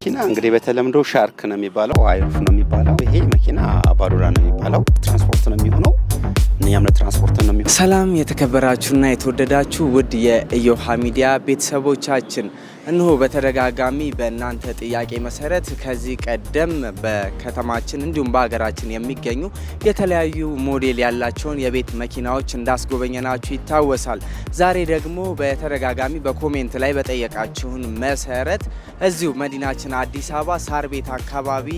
መኪና እንግዲህ በተለምዶ ሻርክ ነው የሚባለው፣ አይሮፍ ነው የሚባለው። ይሄ መኪና አባዱራ ነው የሚባለው። ትራንስፖርት ነው የሚሆነው እነኛም ለትራንስፖርት ነው የሚሆን። ሰላም የተከበራችሁና የተወደዳችሁ ውድ የኢዮሃ ሚዲያ ቤተሰቦቻችን እንሆ በተደጋጋሚ በእናንተ ጥያቄ መሰረት ከዚህ ቀደም በከተማችን እንዲሁም በሀገራችን የሚገኙ የተለያዩ ሞዴል ያላቸውን የቤት መኪናዎች እንዳስጎበኘናችሁ ይታወሳል። ዛሬ ደግሞ በተደጋጋሚ በኮሜንት ላይ በጠየቃችሁን መሰረት እዚሁ መዲናችን አዲስ አበባ ሳር ቤት አካባቢ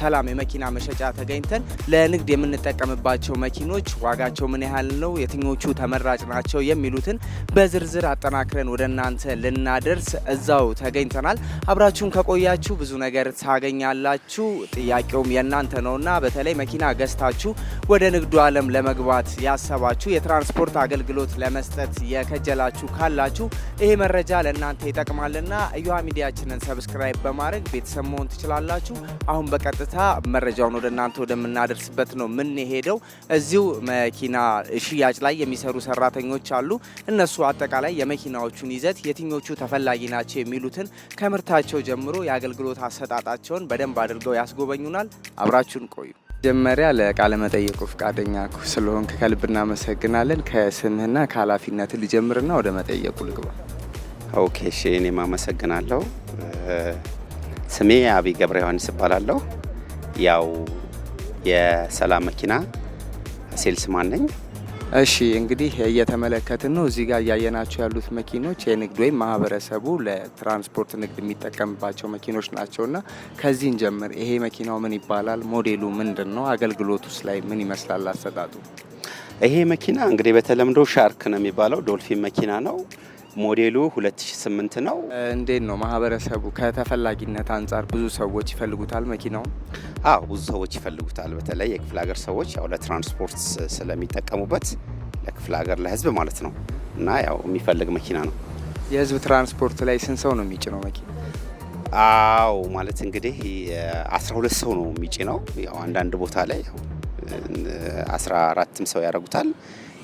ሰላም የመኪና መሸጫ ተገኝተን ለንግድ የምንጠቀምባቸው መኪኖች ዋጋቸው ምን ያህል ነው፣ የትኞቹ ተመራጭ ናቸው የሚሉትን በዝርዝር አጠናክረን ወደ እናንተ ልናደርስ እዛው ተገኝተናል። አብራችሁን ከቆያችሁ ብዙ ነገር ታገኛላችሁ። ጥያቄውም የእናንተ ነውና በተለይ መኪና ገዝታችሁ ወደ ንግዱ ዓለም ለመግባት ያሰባችሁ፣ የትራንስፖርት አገልግሎት ለመስጠት የከጀላችሁ ካላችሁ ይሄ መረጃ ለእናንተ ይጠቅማልና እዩሃ ሚዲያችንን ሰብስክራይብ በማድረግ ቤተሰብ መሆን ትችላላችሁ። አሁን በቀጥታ መረጃውን ወደ እናንተ ወደምናደርስበት ነው የምንሄደው። እዚሁ የመኪና ሽያጭ ላይ የሚሰሩ ሰራተኞች አሉ። እነሱ አጠቃላይ የመኪናዎቹን ይዘት የትኞቹ ተፈላጊ ናቸው የሚሉትን ከምርታቸው ጀምሮ የአገልግሎት አሰጣጣቸውን በደንብ አድርገው ያስጎበኙናል። አብራችሁን ቆዩ። መጀመሪያ ለቃለ መጠየቁ ፍቃደኛ ስለሆንክ ከልብ እናመሰግናለን። ከስምህና ከኃላፊነት ልጀምርና ወደ መጠየቁ ልግባ። ኦኬ እሺ፣ እኔም አመሰግናለሁ። ስሜ አብይ ገብረ ዮሐንስ እባላለሁ። ያው የሰላም መኪና ሴልስ ማን ነኝ። እሺ እንግዲህ እየተመለከትን ነው። እዚህ ጋር እያየናቸው ያሉት መኪኖች የንግድ ወይም ማህበረሰቡ ለትራንስፖርት ንግድ የሚጠቀምባቸው መኪኖች ናቸውና ከዚህን ጀምር ይሄ መኪናው ምን ይባላል? ሞዴሉ ምንድን ነው? አገልግሎቱስ ላይ ምን ይመስላል አሰጣጡ? ይሄ መኪና እንግዲህ በተለምዶ ሻርክ ነው የሚባለው ዶልፊን መኪና ነው። ሞዴሉ 2008 ነው። እንዴት ነው ማህበረሰቡ ከተፈላጊነት አንጻር ብዙ ሰዎች ይፈልጉታል መኪናው? አዎ ብዙ ሰዎች ይፈልጉታል። በተለይ የክፍለ ሀገር ሰዎች ያው ለትራንስፖርት ስለሚጠቀሙበት ለክፍለ ሀገር ለህዝብ ማለት ነው እና ያው የሚፈልግ መኪና ነው። የህዝብ ትራንስፖርት ላይ ስንት ሰው ነው የሚጭነው መኪና? አዎ ማለት እንግዲህ 12 ሰው ነው የሚጭነው። ያው አንዳንድ ቦታ ላይ 14 ሰው ያደርጉታል፣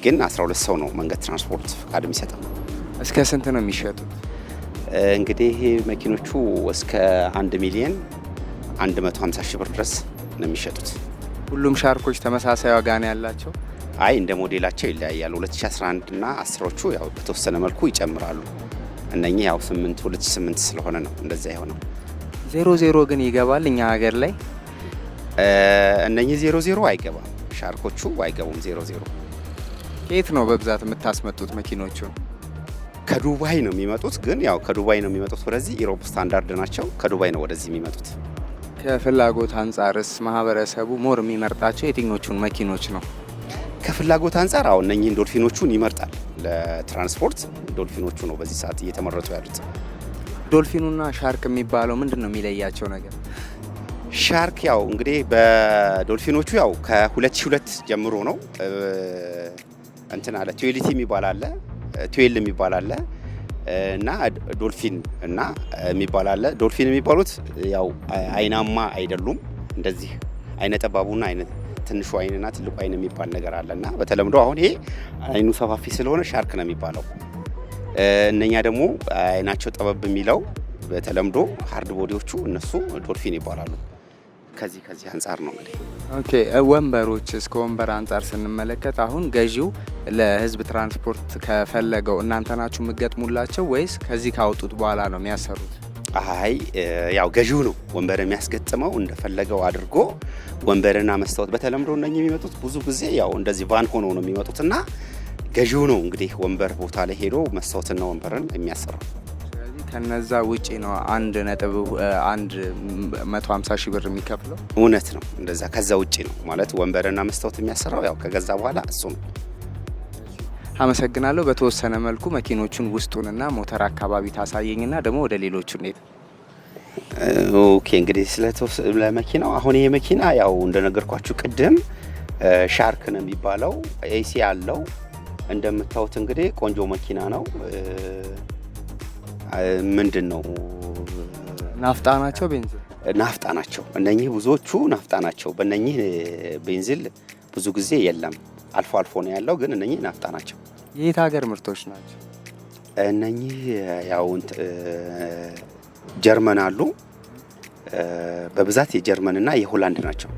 ግን 12 ሰው ነው መንገድ ትራንስፖርት ፈቃድ የሚሰጠው። እስከ ስንት ነው የሚሸጡት? እንግዲህ መኪኖቹ እስከ 1 ሚሊዮን 150 ሺህ ብር ድረስ ነው የሚሸጡት። ሁሉም ሻርኮች ተመሳሳይ ዋጋ ነው ያላቸው? አይ እንደ ሞዴላቸው ይለያያሉ። 2011 እና 10 ያው በተወሰነ መልኩ ይጨምራሉ። እነኚህ ያው 8 2008 ስለሆነ ነው እንደዛ የሆነው። ዜሮ ዜሮ ግን ይገባል እኛ ሀገር ላይ እነኚህ ዜሮ ዜሮ አይገባም። ሻርኮቹ አይገቡም ዜሮ ዜሮ። ከየት ነው በብዛት የምታስመጡት መኪኖቹን? ከዱባይ ነው የሚመጡት። ግን ያው ከዱባይ ነው የሚመጡት ወደዚህ ኢሮፕ ስታንዳርድ ናቸው። ከዱባይ ነው ወደዚህ የሚመጡት። ከፍላጎት አንጻርስ ማህበረሰቡ ሞር የሚመርጣቸው የትኞቹን መኪኖች ነው? ከፍላጎት አንጻር አሁን እነኚህን ዶልፊኖቹን ይመርጣል። ለትራንስፖርት ዶልፊኖቹ ነው በዚህ ሰዓት እየተመረጡ ያሉት። ዶልፊኑና ሻርክ የሚባለው ምንድን ነው የሚለያቸው ነገር? ሻርክ ያው እንግዲህ በዶልፊኖቹ ያው ከ2002 ጀምሮ ነው እንትን አለ ቲዩሊቲ የሚባል አለ ትዌል የሚባል አለ እና ዶልፊን እና የሚባል አለ። ዶልፊን የሚባሉት ያው አይናማ አይደሉም። እንደዚህ አይነ ጠባቡና አይነ ትንሹ አይንና ትልቁ አይን የሚባል ነገር አለ እና በተለምዶ አሁን ይሄ አይኑ ሰፋፊ ስለሆነ ሻርክ ነው የሚባለው። እነኛ ደግሞ አይናቸው ጠበብ የሚለው በተለምዶ ሀርድ ቦዲዎቹ እነሱ ዶልፊን ይባላሉ። ከዚህ ከዚህ አንጻር ነው እንግዲህ። ኦኬ ወንበሮች እስከ ወንበር አንጻር ስንመለከት አሁን ገዢው ለህዝብ ትራንስፖርት ከፈለገው እናንተ ናችሁ የምገጥሙላቸው ወይስ ከዚህ ካወጡት በኋላ ነው የሚያሰሩት? አይ ያው ገዢው ነው ወንበር የሚያስገጥመው እንደፈለገው አድርጎ ወንበርና መስታወት በተለምዶ እነ የሚመጡት ብዙ ጊዜ ያው እንደዚህ ቫን ሆኖ ነው የሚመጡትና ገዢው ነው እንግዲህ ወንበር ቦታ ላይ ሄዶ መስታወትና ወንበርን የሚያሰራው። ከነዛ ውጪ ነው አንድ ነጥብ አንድ መቶ ሀምሳ ሺህ ብር የሚከፍለው እውነት ነው። እንደዛ ከዛ ውጪ ነው ማለት ወንበርና መስታወት የሚያሰራው ያው ከገዛ በኋላ እሱ ነው። አመሰግናለሁ። በተወሰነ መልኩ መኪኖቹን ውስጡንና ሞተር አካባቢ ታሳየኝና ደግሞ ወደ ሌሎቹ እንዴት ኦኬ። እንግዲህ ስለመኪናው አሁን ይሄ መኪና ያው እንደነገርኳችሁ ቅድም ሻርክ ነው የሚባለው ኤሲ አለው። እንደምታዩት እንግዲህ ቆንጆ መኪና ነው። ምንድን ነው ናፍጣ ናቸው ቤንዚል ናፍጣ ናቸው። እነኚህ ብዙዎቹ ናፍጣ ናቸው። በእነኚህ ቤንዚል ብዙ ጊዜ የለም፣ አልፎ አልፎ ነው ያለው፣ ግን እነኚህ ናፍጣ ናቸው። የየት ሀገር ምርቶች ናቸው እነኚህ? ያው ጀርመን አሉ በብዛት የጀርመንና የሆላንድ ናቸው።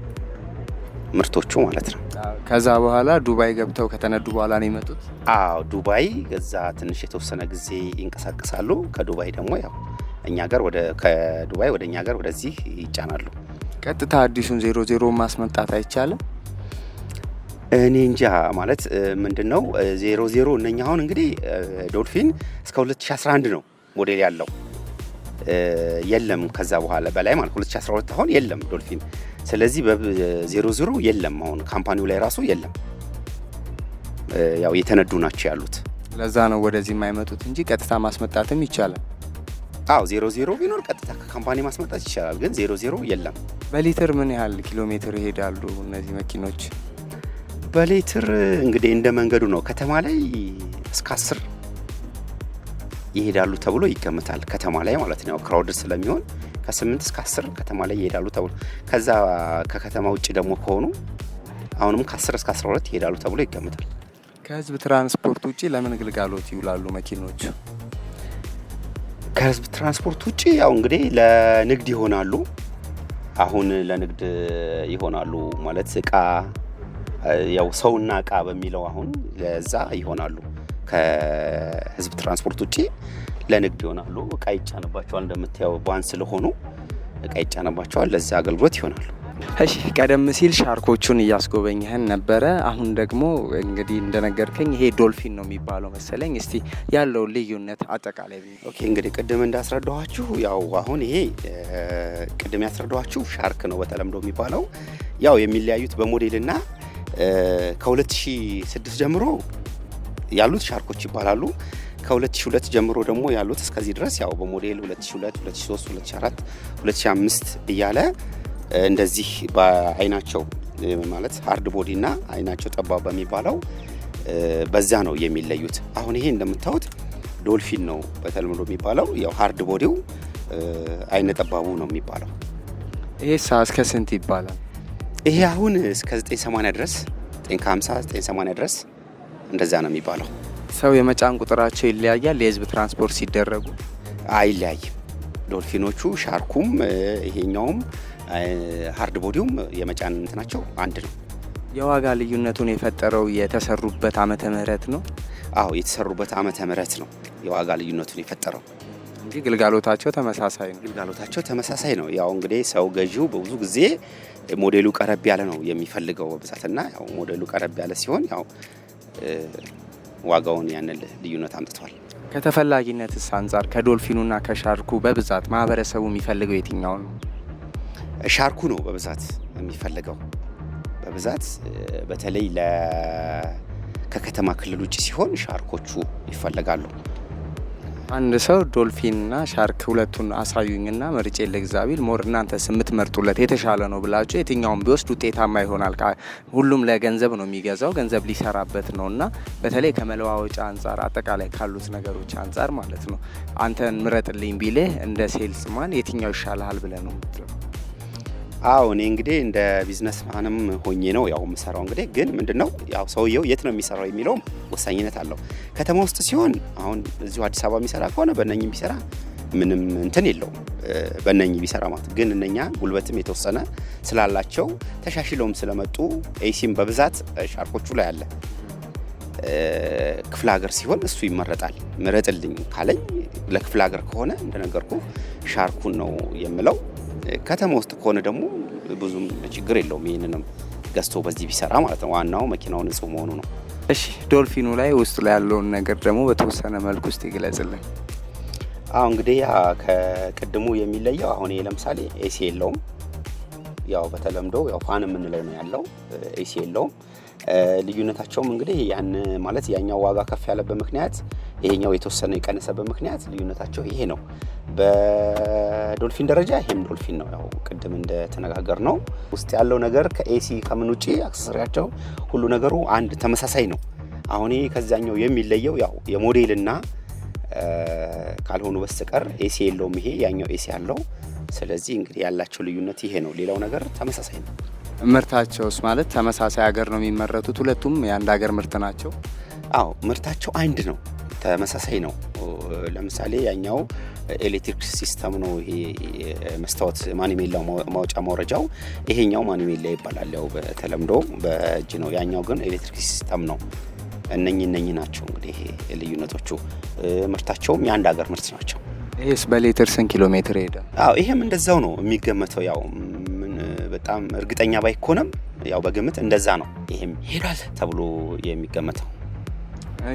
ምርቶቹ ማለት ነው። ከዛ በኋላ ዱባይ ገብተው ከተነዱ በኋላ ነው የመጡት። አዎ ዱባይ ገዛ ትንሽ የተወሰነ ጊዜ ይንቀሳቀሳሉ። ከዱባይ ደግሞ ያው እኛ ገር ወደ ከዱባይ ወደ እኛ ገር ወደዚህ ይጫናሉ። ቀጥታ አዲሱን ዜሮ ዜሮ ማስመጣት አይቻልም። እኔ እንጃ ማለት ምንድን ነው ዜሮ ዜሮ እነኛ አሁን እንግዲህ ዶልፊን እስከ 2011 ነው ሞዴል ያለው የለም። ከዛ በኋላ በላይ ማለት 2012 አሁን የለም ዶልፊን ስለዚህ በዜሮ ዜሮ የለም። አሁን ካምፓኒው ላይ ራሱ የለም። ያው የተነዱ ናቸው ያሉት። ለዛ ነው ወደዚህ የማይመጡት እንጂ ቀጥታ ማስመጣትም ይቻላል። አዎ ዜሮ ዜሮ ቢኖር ቀጥታ ከካምፓኒ ማስመጣት ይቻላል። ግን ዜሮ ዜሮ የለም። በሊትር ምን ያህል ኪሎ ሜትር ይሄዳሉ እነዚህ መኪኖች? በሊትር እንግዲህ እንደ መንገዱ ነው። ከተማ ላይ እስከ አስር ይሄዳሉ ተብሎ ይገምታል። ከተማ ላይ ማለት ነው፣ ክራውድ ስለሚሆን ከስምንት እስከ አስር ከተማ ላይ ይሄዳሉ ተብሎ ከዛ ከከተማ ውጭ ደግሞ ከሆኑ አሁንም ከአስር እስከ አስራ ሁለት ይሄዳሉ ተብሎ ይገምታል። ከህዝብ ትራንስፖርት ውጭ ለምን ግልጋሎት ይውላሉ መኪኖች ከህዝብ ትራንስፖርት ውጭ ያው እንግዲህ ለንግድ ይሆናሉ። አሁን ለንግድ ይሆናሉ ማለት እቃ ያው ሰውና እቃ በሚለው አሁን ለዛ ይሆናሉ። ከህዝብ ትራንስፖርት ውጭ ለንግድ ይሆናሉ። እቃ ይጫንባቸዋል። እንደምታየው ቫን ስለሆኑ እቃ ይጫንባቸዋል። ለዚህ አገልግሎት ይሆናሉ። እሺ ቀደም ሲል ሻርኮቹን እያስጎበኘህን ነበረ። አሁን ደግሞ እንግዲህ እንደነገርከኝ ይሄ ዶልፊን ነው የሚባለው መሰለኝ። እስቲ ያለው ልዩነት አጠቃላይ ኦኬ። እንግዲህ ቅድም እንዳስረዳኋችሁ ያው አሁን ይሄ ቅድም ያስረዳኋችሁ ሻርክ ነው በተለምዶ የሚባለው። ያው የሚለያዩት በሞዴልና ከ2006 ጀምሮ ያሉት ሻርኮች ይባላሉ። ከ2002 ጀምሮ ደግሞ ያሉት እስከዚህ ድረስ ያው በሞዴል 2002፣ 2003፣ 2004፣ 2005 እያለ እንደዚህ በአይናቸው ማለት ሃርድ ቦዲ እና አይናቸው ጠባብ በሚባለው በዛ ነው የሚለዩት። አሁን ይሄ እንደምታዩት ዶልፊን ነው በተለምዶ የሚባለው። ያው ሃርድ ቦዲው አይነ ጠባቡ ነው የሚባለው። ይሄ እስከ ስንት ይባላል? ይሄ አሁን እስከ 980 ድረስ 950 980 ድረስ እንደዛ ነው የሚባለው። ሰው የመጫን ቁጥራቸው ይለያያል። የህዝብ ትራንስፖርት ሲደረጉ አይለያይም። ዶልፊኖቹ ሻርኩም፣ ይሄኛውም ሀርድ ቦዲውም የመጫን እንትናቸው አንድ ነው። የዋጋ ልዩነቱን የፈጠረው የተሰሩበት አመተ ምህረት ነው። አዎ የተሰሩበት አመተ ምህረት ነው የዋጋ ልዩነቱን የፈጠረው እንጂ ግልጋሎታቸው ተመሳሳይ ነው። ግልጋሎታቸው ተመሳሳይ ነው። ያው እንግዲህ ሰው ገዢው በብዙ ጊዜ ሞዴሉ ቀረብ ያለ ነው የሚፈልገው በብዛትና ያው ሞዴሉ ቀረብ ያለ ሲሆን ያው ዋጋውን ያንን ልዩነት አምጥቷል። ከተፈላጊነትስ አንጻር ከዶልፊኑና ከሻርኩ በብዛት ማህበረሰቡ የሚፈልገው የትኛው ነው? ሻርኩ ነው በብዛት የሚፈልገው በብዛት በተለይ ከከተማ ክልል ውጭ ሲሆን ሻርኮቹ ይፈለጋሉ። አንድ ሰው ዶልፊንና ሻርክ ሁለቱን አሳዩኝና መርጬ ለእግዚአብሔር ሞር እናንተ መርጡለት የተሻለ ነው ብላችሁ የትኛውን ቢወስድ ውጤታማ ይሆናል። ሁሉም ለገንዘብ ነው የሚገዛው፣ ገንዘብ ሊሰራበት ነው እና በተለይ ከመለዋወጫ አንጻር፣ አጠቃላይ ካሉት ነገሮች አንጻር ማለት ነው አንተን ምረጥልኝ ቢልህ እንደ ሴልስማን የትኛው ይሻልሃል ብለህ ነው አዎ እኔ እንግዲህ እንደ ቢዝነስ ማንም ሆኜ ነው ያው የምሰራው። እንግዲህ ግን ምንድነው ያው ሰውየው የት ነው የሚሰራው የሚለውም ወሳኝነት አለው። ከተማ ውስጥ ሲሆን አሁን እዚሁ አዲስ አበባ የሚሰራ ከሆነ በእነኝህ ቢሰራ ምንም እንትን የለውም። በእነኝ ቢሰራ ማለት ግን እነኛ ጉልበትም የተወሰነ ስላላቸው ተሻሽለውም ስለመጡ ኤሲም በብዛት ሻርኮቹ ላይ አለ። ክፍለ ሀገር ሲሆን እሱ ይመረጣል። ምረጥልኝ ካለኝ ለክፍለ ሀገር ከሆነ እንደነገርኩ ሻርኩን ነው የምለው። ከተማ ውስጥ ከሆነ ደግሞ ብዙም ችግር የለውም። ይህንንም ገዝቶ በዚህ ቢሰራ ማለት ነው። ዋናው መኪናው ንጹህ መሆኑ ነው። እሺ ዶልፊኑ ላይ ውስጡ ላይ ያለውን ነገር ደግሞ በተወሰነ መልኩ ውስጥ ይግለጽልን። አሁ እንግዲህ ያ ከቅድሙ የሚለየው አሁን ለምሳሌ ኤሲ የለውም። ያው በተለምዶ ያው ፋን የምንለው ነው ያለው። ኤሲ የለውም። ልዩነታቸውም እንግዲህ ያን ማለት ያኛው ዋጋ ከፍ ያለበት ምክንያት ይሄኛው የተወሰነ የቀነሰበት ምክንያት ልዩነታቸው ይሄ ነው። በዶልፊን ደረጃ ይሄም ዶልፊን ነው። ያው ቅድም እንደተነጋገር ነው ውስጥ ያለው ነገር ከኤሲ ከምን ውጪ አክሰሰሪያቸው ሁሉ ነገሩ አንድ ተመሳሳይ ነው። አሁን ይሄ ከዛኛው የሚለየው ያው የሞዴልና ካልሆኑ በስተቀር ኤሲ የለውም። ይሄ ያኛው ኤሲ አለው። ስለዚህ እንግዲህ ያላቸው ልዩነት ይሄ ነው። ሌላው ነገር ተመሳሳይ ነው። ምርታቸውስ ማለት ተመሳሳይ ሀገር ነው የሚመረቱት? ሁለቱም የአንድ ሀገር ምርት ናቸው? አዎ ምርታቸው አንድ ነው፣ ተመሳሳይ ነው። ለምሳሌ ያኛው ኤሌክትሪክ ሲስተም ነው። ይሄ መስታወት ማኒሜላው ማውጫ ማውረጃው፣ ይሄኛው ማኒሜላ ይባላል። ያው በተለምዶ በእጅ ነው። ያኛው ግን ኤሌክትሪክ ሲስተም ነው። እነኚህ እነኚህ ናቸው እንግዲህ ልዩነቶቹ። ምርታቸውም የአንድ ሀገር ምርት ናቸው። ይህስ በሌትር ስንት ኪሎ ሜትር ይሄዳል? አዎ ይሄም እንደዛው ነው የሚገመተው ያው በጣም እርግጠኛ ባይኮንም ያው በግምት እንደዛ ነው። ይሄም ይሄዳል ተብሎ የሚገመተው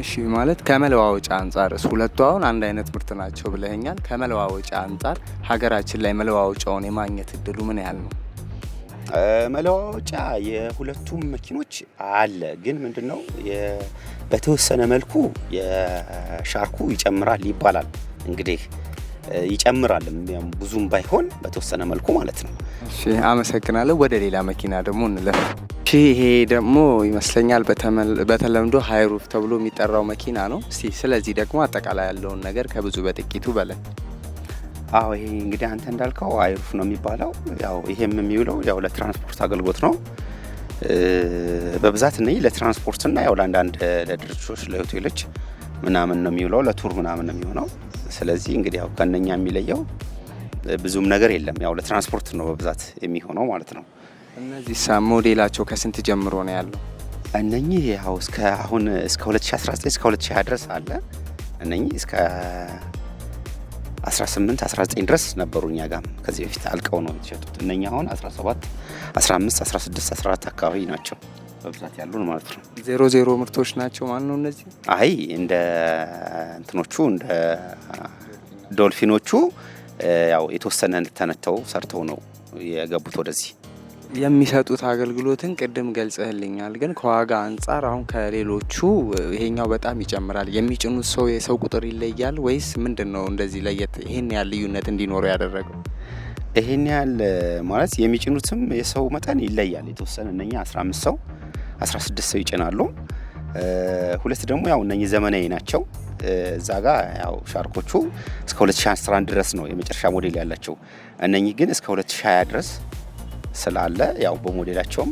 እሺ። ማለት ከመለዋወጫ አንጻር ሁለቱ አሁን አንድ አይነት ምርት ናቸው ብለኛል። ከመለዋወጫ አንጻር ሀገራችን ላይ መለዋወጫውን የማግኘት እድሉ ምን ያህል ነው? መለዋወጫ የሁለቱም መኪኖች አለ። ግን ምንድነው በተወሰነ መልኩ የሻርኩ ይጨምራል ይባላል እንግዲህ ይጨምራል። ብዙም ባይሆን በተወሰነ መልኩ ማለት ነው። እሺ አመሰግናለሁ። ወደ ሌላ መኪና ደግሞ እንለፍ። ይሄ ደግሞ ይመስለኛል በተለምዶ ሀይሩፍ ተብሎ የሚጠራው መኪና ነው። እስቲ ስለዚህ ደግሞ አጠቃላይ ያለውን ነገር ከብዙ በጥቂቱ በለን። አዎ ይሄ እንግዲህ አንተ እንዳልከው ሃይሩፍ ነው የሚባለው። ያው ይሄም የሚውለው ያው ለትራንስፖርት አገልግሎት ነው በብዛት እነዚህ ለትራንስፖርትና ያው ለአንዳንድ ለድርጅቶች፣ ለሆቴሎች ምናምን ነው የሚውለው። ለቱር ምናምን ነው የሚሆነው። ስለዚህ እንግዲህ ያው ከነኛ የሚለየው ብዙም ነገር የለም። ያው ለትራንስፖርት ነው በብዛት የሚሆነው ማለት ነው። እነዚህ ሞዴላቸው ከስንት ጀምሮ ነው ያለው? እነኚህ ያው እስከ አሁን እስከ 2019 እስከ 2020 ድረስ አለ። እነኚህ እስከ 18 19 ድረስ ነበሩ እኛ ጋም ከዚህ በፊት አልቀው ነው የተሸጡት። እነኛ አሁን 17 15 16 14 አካባቢ ናቸው። በብዛት ያሉን ማለት ነው። ዜሮ ዜሮ ምርቶች ናቸው ማለት ነው እነዚህ። አይ እንደ እንትኖቹ እንደ ዶልፊኖቹ ያው የተወሰነ ተነተው ሰርተው ነው የገቡት ወደዚህ። የሚሰጡት አገልግሎትን ቅድም ገልጽህልኛል፣ ግን ከዋጋ አንጻር አሁን ከሌሎቹ ይሄኛው በጣም ይጨምራል። የሚጭኑት ሰው የሰው ቁጥር ይለያል ወይስ ምንድን ነው እንደዚህ ለየት ይህን ያህል ልዩነት እንዲኖረው ያደረገው? ይሄን ያህል ማለት የሚጭኑትም የሰው መጠን ይለያል። የተወሰነ እነኛ 15 ሰው 16 ሰው ይጭናሉ። ሁለት ደግሞ ያው እነኚህ ዘመናዊ ናቸው። እዛ ጋ ያው ሻርኮቹ እስከ 2011 ድረስ ነው የመጨረሻ ሞዴል ያላቸው። እነኚህ ግን እስከ 2020 ድረስ ስላለ ያው በሞዴላቸውም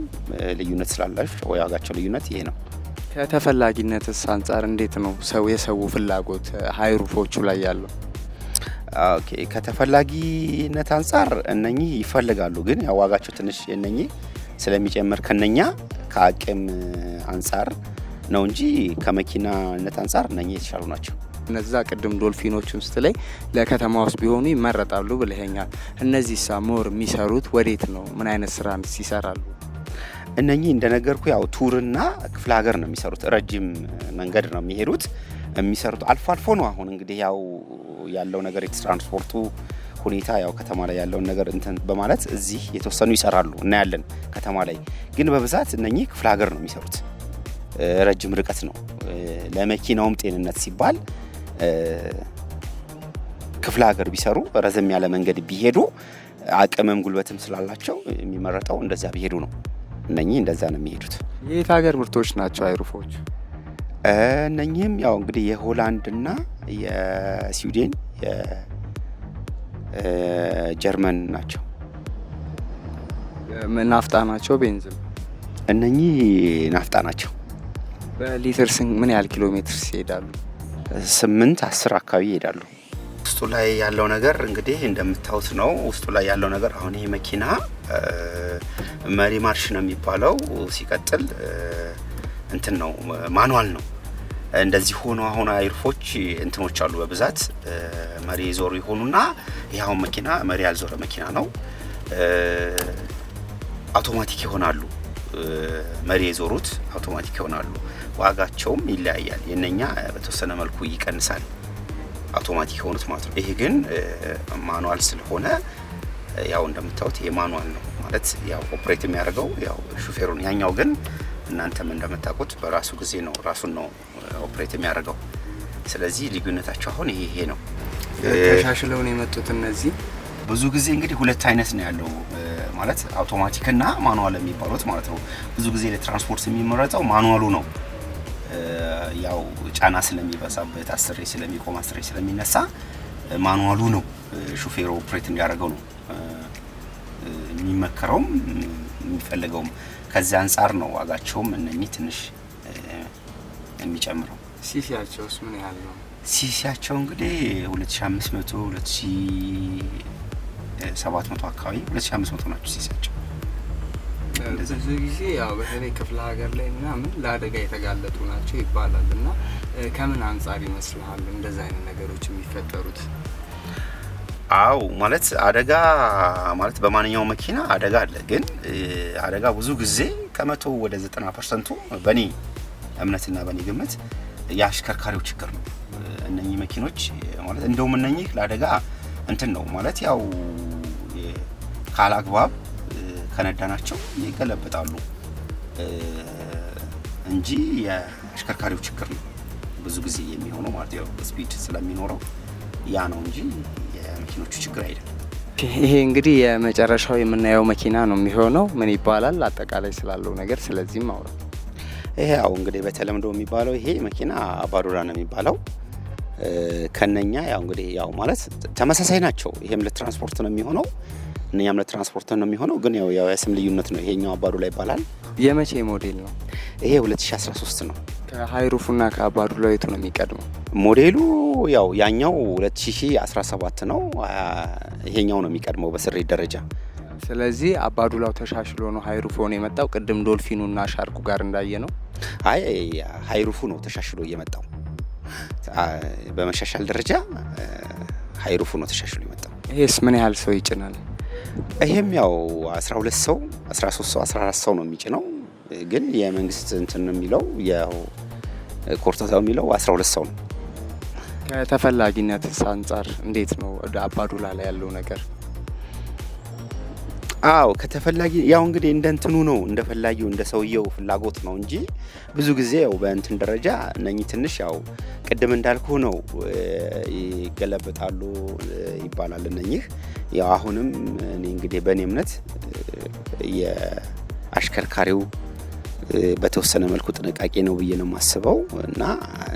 ልዩነት ስላላቸው ዋጋቸው ልዩነት ይሄ ነው። ከተፈላጊነትስ አንጻር እንዴት ነው ሰው የሰው ፍላጎት ሀይሩፎቹ ላይ ያለው? ከተፈላጊነት አንጻር እነኚህ ይፈልጋሉ፣ ግን ያው ዋጋቸው ትንሽ የእነኚህ ስለሚጨምር ከነኛ ከአቅም አንጻር ነው እንጂ ከመኪናነት አንጻር እነኚህ የተሻሉ ናቸው። እነዛ ቅድም ዶልፊኖቹን ስትለይ ለከተማ ውስጥ ቢሆኑ ይመረጣሉ ብለኸኛል። እነዚህ ሳሞር የሚሰሩት ወዴት ነው? ምን አይነት ስራ ይሰራሉ? እነኚህ እንደነገርኩ ያው ቱርና ክፍለ ሀገር ነው የሚሰሩት። ረጅም መንገድ ነው የሚሄዱት የሚሰሩት አልፎ አልፎ ነው። አሁን እንግዲህ ያው ያለው ነገር የትራንስፖርቱ ሁኔታ ያው ከተማ ላይ ያለውን ነገር እንትን በማለት እዚህ የተወሰኑ ይሰራሉ እናያለን። ከተማ ላይ ግን በብዛት እነኚህ ክፍለ ሀገር ነው የሚሰሩት። ረጅም ርቀት ነው። ለመኪናውም ጤንነት ሲባል ክፍለ ሀገር ቢሰሩ ረዘም ያለ መንገድ ቢሄዱ አቅምም ጉልበትም ስላላቸው የሚመረጠው እንደዚያ ቢሄዱ ነው። እነኚህ እንደዛ ነው የሚሄዱት። የየት ሀገር ምርቶች ናቸው አይሩፎች? እነኚህም ያው እንግዲህ የሆላንድ እና የስዊድን የጀርመን ናቸው። ናፍጣ ናቸው ቤንዝል እነኚህ ናፍጣ ናቸው። በሊትር ምን ያህል ኪሎ ሜትር ይሄዳሉ? ስምንት አስር አካባቢ ይሄዳሉ። ውስጡ ላይ ያለው ነገር እንግዲህ እንደምታዩት ነው። ውስጡ ላይ ያለው ነገር አሁን ይህ መኪና መሪ ማርሽ ነው የሚባለው። ሲቀጥል እንትን ነው ማኗል ነው እንደዚህ ሆኖ አሁን አይርፎች እንትኖች አሉ በብዛት መሪ የዞሩ ይሆኑና ይሄው መኪና መሪ ያልዞረ መኪና ነው። አውቶማቲክ ይሆናሉ። መሪ የዞሩት አውቶማቲክ ይሆናሉ። ዋጋቸውም ይለያያል። የነኛ በተወሰነ መልኩ ይቀንሳል፣ አውቶማቲክ የሆኑት ማለት ነው። ይሄ ግን ማኑዋል ስለሆነ ያው እንደምታዩት ይሄ ማኑዋል ነው ማለት ያው ኦፕሬት የሚያደርገው ያው ሹፌሩን ያኛው ግን እናንተም እንደምታውቁት በራሱ ጊዜ ነው ራሱን ነው ኦፕሬት የሚያደርገው። ስለዚህ ልዩነታቸው አሁን ይሄ ይሄ ነው። ተሻሽለው ነው የመጡት እነዚህ። ብዙ ጊዜ እንግዲህ ሁለት አይነት ነው ያለው ማለት አውቶማቲክ እና ማኑዋል የሚባሉት ማለት ነው። ብዙ ጊዜ ለትራንስፖርት የሚመረጠው ማኑዋሉ ነው። ያው ጫና ስለሚበዛበት አስሬ ስለሚቆም አስሬ ስለሚነሳ ማኑዋሉ ነው ሹፌሩ ኦፕሬት እንዲያደርገው ነው የሚመከረውም የሚፈልገውም። ከዚያ አንጻር ነው ዋጋቸውም እነኚህ ትንሽ የሚጨምረው። ሲሲያቸውስ ምን ያህል ነው? ሲሲያቸው እንግዲህ 2500 2700 አካባቢ 2500 ናቸው ሲሲያቸው። ብዙ ጊዜ ያው በተለይ ክፍለ ሀገር ላይ ምናምን ለአደጋ የተጋለጡ ናቸው ይባላል እና ከምን አንጻር ይመስልሃል እንደዚህ አይነት ነገሮች የሚፈጠሩት? አው ማለት አደጋ ማለት በማንኛውም መኪና አደጋ አለ። ግን አደጋ ብዙ ጊዜ ከመቶ ወደ ዘጠና ፐርሰንቱ በኔ እምነትና በኔ ግምት የአሽከርካሪው ችግር ነው። እነኚህ መኪኖች ማለት እንደውም እነኚህ ለአደጋ እንትን ነው ማለት ያው ካላግባብ ከነዳናቸው ይገለበጣሉ እንጂ የአሽከርካሪው ችግር ነው ብዙ ጊዜ የሚሆነው ማለት ያው ስፒድ ስለሚኖረው ያ ነው እንጂ መኪኖቹ ችግር አይደለም። ይሄ እንግዲህ የመጨረሻው የምናየው መኪና ነው የሚሆነው። ምን ይባላል? አጠቃላይ ስላለው ነገር ስለዚህም አውራ። ይሄ ያው እንግዲህ በተለምዶ የሚባለው ይሄ መኪና ባዶራ ነው የሚባለው። ከነኛ ያው እንግዲህ ያው ማለት ተመሳሳይ ናቸው። ይሄም ለትራንስፖርት ነው የሚሆነው፣ እነኛም ለትራንስፖርት ነው የሚሆነው። ግን ያው የስም ልዩነት ነው። ይሄኛው አባዱላ ይባላል። የመቼ ሞዴል ነው? ይሄ 2013 ነው። ከሀይሩፍና ከአባዱላ የቱ ነው የሚቀድመው? ሞዴሉ ያው ያኛው 2017 ነው፣ ይሄኛው ነው የሚቀድመው በስሬት ደረጃ። ስለዚህ አባዱላው ተሻሽሎ ነው ሀይሩፍ ሆኖ የመጣው። ቅድም ዶልፊኑና ሻርኩ ጋር እንዳየ ነው። አይ ሀይሩፉ ነው ተሻሽሎ እየመጣው በመሻሻል ደረጃ ሀይሩፉ ነው ተሻሽሎ የመጣው። ይሄስ ምን ያህል ሰው ይጭናል? ይሄም ያው 12 ሰው 13 ሰው 14 ሰው ነው የሚጭነው። ግን የመንግስት እንትን የሚለው ኮርተታ የሚለው 12 ሰው ነው። ከተፈላጊነት አንጻር እንዴት ነው አባዱላ ላይ ያለው ነገር? አዎ ከተፈላጊ ያው እንግዲህ እንደ እንትኑ ነው እንደ ፈላጊው እንደ ሰውየው ፍላጎት ነው እንጂ ብዙ ጊዜ ያው በእንትን ደረጃ እነኚህ ትንሽ ያው ቅድም እንዳልኩ ነው ይገለበጣሉ ይባላል። እነኚህ ያው አሁንም እኔ እንግዲህ በእኔ እምነት የአሽከርካሪው በተወሰነ መልኩ ጥንቃቄ ነው ብዬ ነው የማስበው እና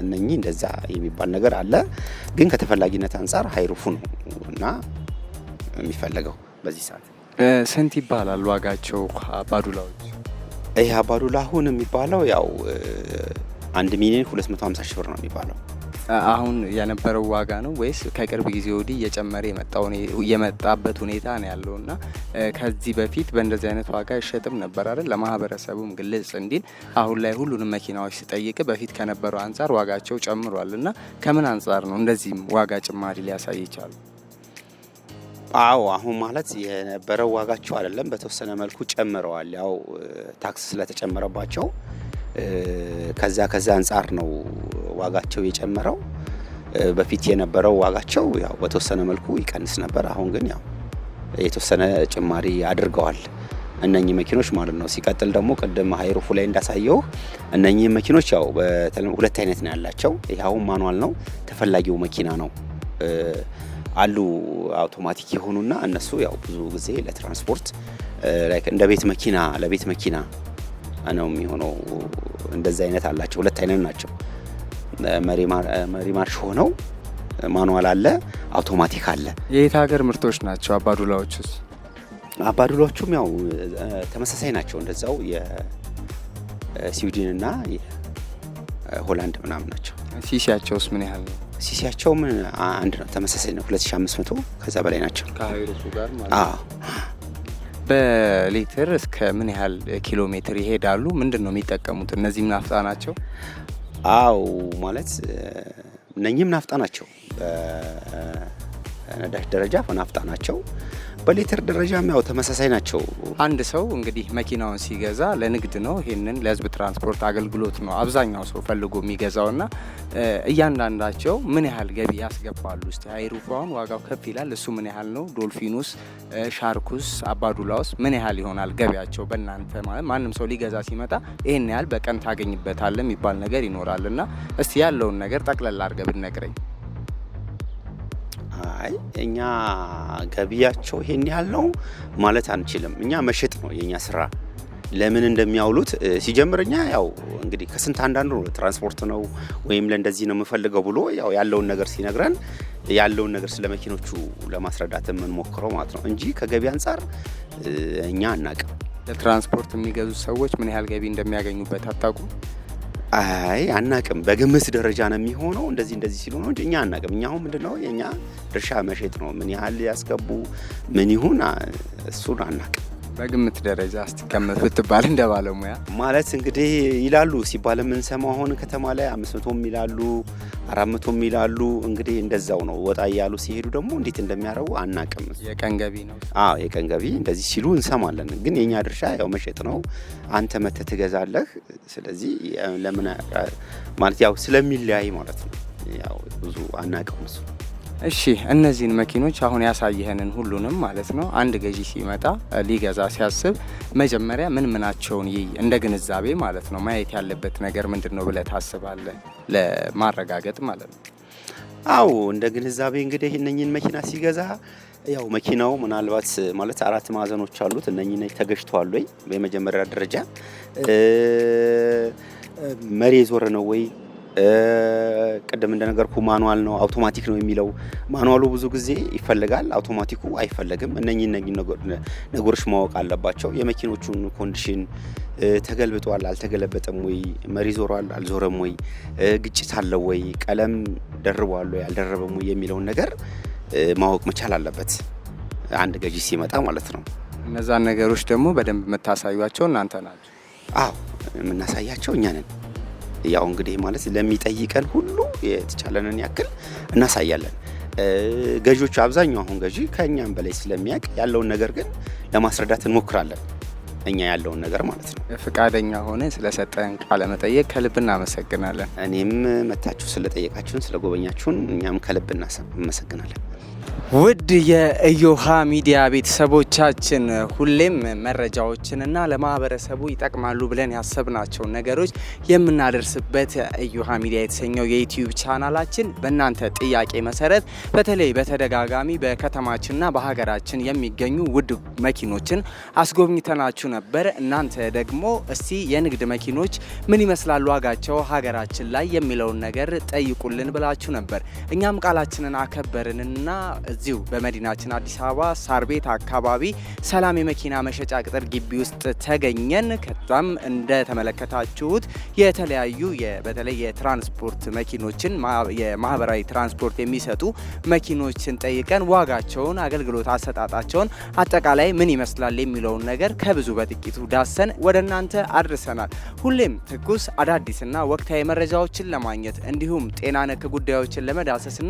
እነኚህ እንደዛ የሚባል ነገር አለ። ግን ከተፈላጊነት አንጻር ሀይሩፉ ነው እና የሚፈለገው በዚህ ሰዓት ስንት ይባላል ዋጋቸው አባዱላዎች? ይህ አባዱላ አሁን የሚባለው ያው አንድ ሚሊዮን 250 ሺህ ብር ነው የሚባለው። አሁን የነበረው ዋጋ ነው ወይስ ከቅርብ ጊዜ ወዲህ እየጨመረ የመጣበት ሁኔታ ነው ያለው? እና ከዚህ በፊት በእንደዚህ አይነት ዋጋ ይሸጥም ነበር አይደል? ለማህበረሰቡም ግልጽ እንዲል አሁን ላይ ሁሉንም መኪናዎች ሲጠይቅ በፊት ከነበረው አንጻር ዋጋቸው ጨምሯል እና ከምን አንጻር ነው እንደዚህም ዋጋ ጭማሪ ሊያሳይ ይቻሉ? አዎ አሁን ማለት የነበረው ዋጋቸው አይደለም፣ በተወሰነ መልኩ ጨምረዋል። ያው ታክስ ስለተጨመረባቸው ከዛ ከዛ አንጻር ነው ዋጋቸው የጨመረው። በፊት የነበረው ዋጋቸው ያው በተወሰነ መልኩ ይቀንስ ነበር። አሁን ግን ያው የተወሰነ ጭማሪ አድርገዋል እነኚህ መኪኖች ማለት ነው። ሲቀጥል ደግሞ ቅድም ሀይሩፉ ላይ እንዳሳየው እነኚህ መኪኖች ያው ሁለት አይነት ነው ያላቸው። ይኸውን ማኑዋል ነው ተፈላጊው መኪና ነው አሉ አውቶማቲክ የሆኑና እነሱ ያው ብዙ ጊዜ ለትራንስፖርት እንደ ቤት መኪና ለቤት መኪና ነው የሚሆነው። እንደዚህ አይነት አላቸው። ሁለት አይነት ናቸው። መሪ ማርሽ ሆነው ማኑዋል አለ፣ አውቶማቲክ አለ። የየት ሀገር ምርቶች ናቸው አባዱላዎቹስ? አባዱላዎቹም ያው ተመሳሳይ ናቸው። እንደዛው የስዊድን እና ሆላንድ ምናምን ናቸው። ሲሲያቸውስ ምን ያህል ነው? ሲሲያቸውም አንድ ነው፣ ተመሳሳይ ነው። 2500 ከዛ በላይ ናቸው ከሀይሎቹ ጋር ማለት በሌትር እስከ ምን ያህል ኪሎ ሜትር ይሄዳሉ? ምንድን ነው የሚጠቀሙት? እነዚህም ናፍጣ ናቸው? አው ማለት እነኚህም ናፍጣ ናቸው። ነዳጅ ደረጃ ናፍጣ ናቸው። በሊትር ደረጃም ያው ተመሳሳይ ናቸው። አንድ ሰው እንግዲህ መኪናውን ሲገዛ ለንግድ ነው፣ ይህንን ለህዝብ ትራንስፖርት አገልግሎት ነው አብዛኛው ሰው ፈልጎ የሚገዛውና እያንዳንዳቸው ምን ያህል ገቢ ያስገባሉ? ስ አይሩፋውን ዋጋው ከፍ ይላል፣ እሱ ምን ያህል ነው? ዶልፊኑስ፣ ሻርኩስ፣ አባዱላውስ ምን ያህል ይሆናል ገቢያቸው? በእናንተ ማለት ማንም ሰው ሊገዛ ሲመጣ ይህን ያህል በቀን ታገኝበታለ የሚባል ነገር ይኖራልና እስቲ ያለውን ነገር ጠቅለል አድርገህ ብትነግረኝ። አይ እኛ ገቢያቸው ይሄን ያለው ማለት አንችልም። እኛ መሸጥ ነው የኛ ስራ። ለምን እንደሚያውሉት ሲጀምር እኛ ያው እንግዲህ ከስንት አንዳንዱ ትራንስፖርት ነው ወይም ለእንደዚህ ነው የምፈልገው ብሎ ያው ያለውን ነገር ሲነግረን ያለውን ነገር ስለ መኪኖቹ ለማስረዳት የምንሞክረው ማለት ነው እንጂ ከገቢ አንጻር እኛ አናቅም። ለትራንስፖርት የሚገዙ ሰዎች ምን ያህል ገቢ እንደሚያገኙበት አታውቁም? አይ አናቅም፣ በግምት ደረጃ ነው የሚሆነው እንደዚህ እንደዚህ ሲሉ ነው እንጂ እኛ አናቅም። እኛ አሁን ምንድነው የእኛ ድርሻ መሸጥ ነው። ምን ያህል ያስገቡ ምን ይሁን እሱን አናቅም። በግምት ደረጃ ስትቀመጥ ብትባል እንደ ባለሙያ ማለት እንግዲህ ይላሉ ሲባል የምንሰማው አሁን ከተማ ላይ አምስት መቶም ይላሉ አራት መቶም ይላሉ። እንግዲህ እንደዛው ነው። ወጣ እያሉ ሲሄዱ ደግሞ እንዴት እንደሚያረጉ አናቅም። የቀን ገቢ ነው። አዎ የቀን ገቢ እንደዚህ ሲሉ እንሰማለን። ግን የእኛ ድርሻ ያው መሸጥ ነው። አንተ መተህ ትገዛለህ። ስለዚህ ለምን ማለት ያው ስለሚለያይ ማለት ነው። ያው ብዙ አናቅም እሱ እሺ እነዚህን መኪኖች አሁን ያሳየህንን ሁሉንም ማለት ነው አንድ ገዢ ሲመጣ ሊገዛ ሲያስብ መጀመሪያ ምን ምናቸውን ይይ እንደ ግንዛቤ ማለት ነው ማየት ያለበት ነገር ምንድን ነው ብለህ ታስባለህ? ለማረጋገጥ ማለት ነው። አው እንደ ግንዛቤ እንግዲህ እነኝን መኪና ሲገዛ ያው መኪናው ምናልባት ማለት አራት ማዕዘኖች አሉት። እነኝህ ተገጭተዋል ወይ በመጀመሪያ ደረጃ መሬ ዞር ነው ወይ ቅድም እንደነገርኩ ማኑዋል ነው አውቶማቲክ ነው የሚለው ማኑዋሉ ብዙ ጊዜ ይፈልጋል፣ አውቶማቲኩ አይፈለግም። እነኚህ እነኚህ ነገሮች ማወቅ አለባቸው። የመኪኖቹን ኮንዲሽን ተገልብጧል፣ አልተገለበጠም ወይ፣ መሪ ዞሯል፣ አልዞረም ወይ፣ ግጭት አለው ወይ፣ ቀለም ደርቧል ወይ፣ አልደረበም ወይ የሚለውን ነገር ማወቅ መቻል አለበት አንድ ገዢ ሲመጣ ማለት ነው። እነዛን ነገሮች ደግሞ በደንብ የምታሳዩቸው እናንተ ናቸው። አዎ የምናሳያቸው እኛ ነን። ያው እንግዲህ ማለት ለሚጠይቀን ሁሉ የተቻለንን ያክል እናሳያለን። ገዢዎቹ አብዛኛው አሁን ገዢ ከእኛም በላይ ስለሚያውቅ ያለውን ነገር ግን ለማስረዳት እንሞክራለን። እኛ ያለውን ነገር ማለት ነው። ፍቃደኛ ሆነ ስለሰጠን ቃለ መጠየቅ ከልብ እናመሰግናለን። እኔም መታችሁ ስለጠየቃችሁን ስለጎበኛችሁን እኛም ከልብ እናመሰግናለን። ውድ የእዮሃ ሚዲያ ቤተሰቦቻችን ሁሌም መረጃዎችንና ለማህበረሰቡ ይጠቅማሉ ብለን ያሰብናቸውን ነገሮች የምናደርስበት እዮሃ ሚዲያ የተሰኘው የዩትዩብ ቻናላችን በእናንተ ጥያቄ መሰረት በተለይ በተደጋጋሚ በከተማችንና በሀገራችን የሚገኙ ውድ መኪኖችን አስጎብኝተናችሁ ነበር። እናንተ ደግሞ እስቲ የንግድ መኪኖች ምን ይመስላሉ፣ ዋጋቸው ሀገራችን ላይ የሚለውን ነገር ጠይቁልን ብላችሁ ነበር። እኛም ቃላችንን አከበርንና በዚሁ በመዲናችን አዲስ አበባ ሳር ቤት አካባቢ ሰላም የመኪና መሸጫ ቅጥር ግቢ ውስጥ ተገኘን። ከዛም እንደተመለከታችሁት የተለያዩ በተለይ የትራንስፖርት መኪኖችን የማህበራዊ ትራንስፖርት የሚሰጡ መኪኖችን ጠይቀን ዋጋቸውን፣ አገልግሎት አሰጣጣቸውን አጠቃላይ ምን ይመስላል የሚለውን ነገር ከብዙ በጥቂቱ ዳሰን ወደ እናንተ አድርሰናል። ሁሌም ትኩስ አዳዲስና ወቅታዊ መረጃዎችን ለማግኘት እንዲሁም ጤና ነክ ጉዳዮችን ለመዳሰስና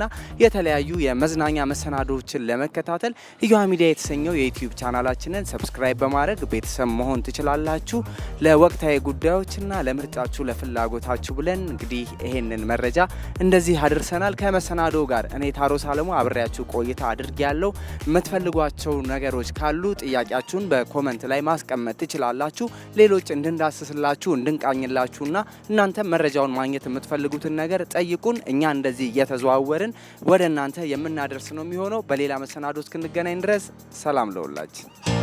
የተለያዩ የመዝናኛ መሰና መሰናዶዎችን ለመከታተል እዮሃ ሚዲያ የተሰኘው የዩቲዩብ ቻናላችንን ሰብስክራይብ በማድረግ ቤተሰብ መሆን ትችላላችሁ። ለወቅታዊ ጉዳዮችና ለምርጫችሁ ለፍላጎታችሁ ብለን እንግዲህ ይሄንን መረጃ እንደዚህ አድርሰናል። ከመሰናዶ ጋር እኔ ታሮስ አለሙ አብሬያችሁ ቆይታ አድርግ ያለው የምትፈልጓቸው ነገሮች ካሉ ጥያቄያችሁን በኮመንት ላይ ማስቀመጥ ትችላላችሁ። ሌሎች እንድንዳስስላችሁ እንድንቃኝላችሁና እናንተ መረጃውን ማግኘት የምትፈልጉትን ነገር ጠይቁን። እኛ እንደዚህ እየተዘዋወርን ወደ እናንተ የምናደርስ ነው የሚሆነው። የሚሆነው። በሌላ መሰናዶ እስክንገናኝ ድረስ ሰላም ለሁላችን።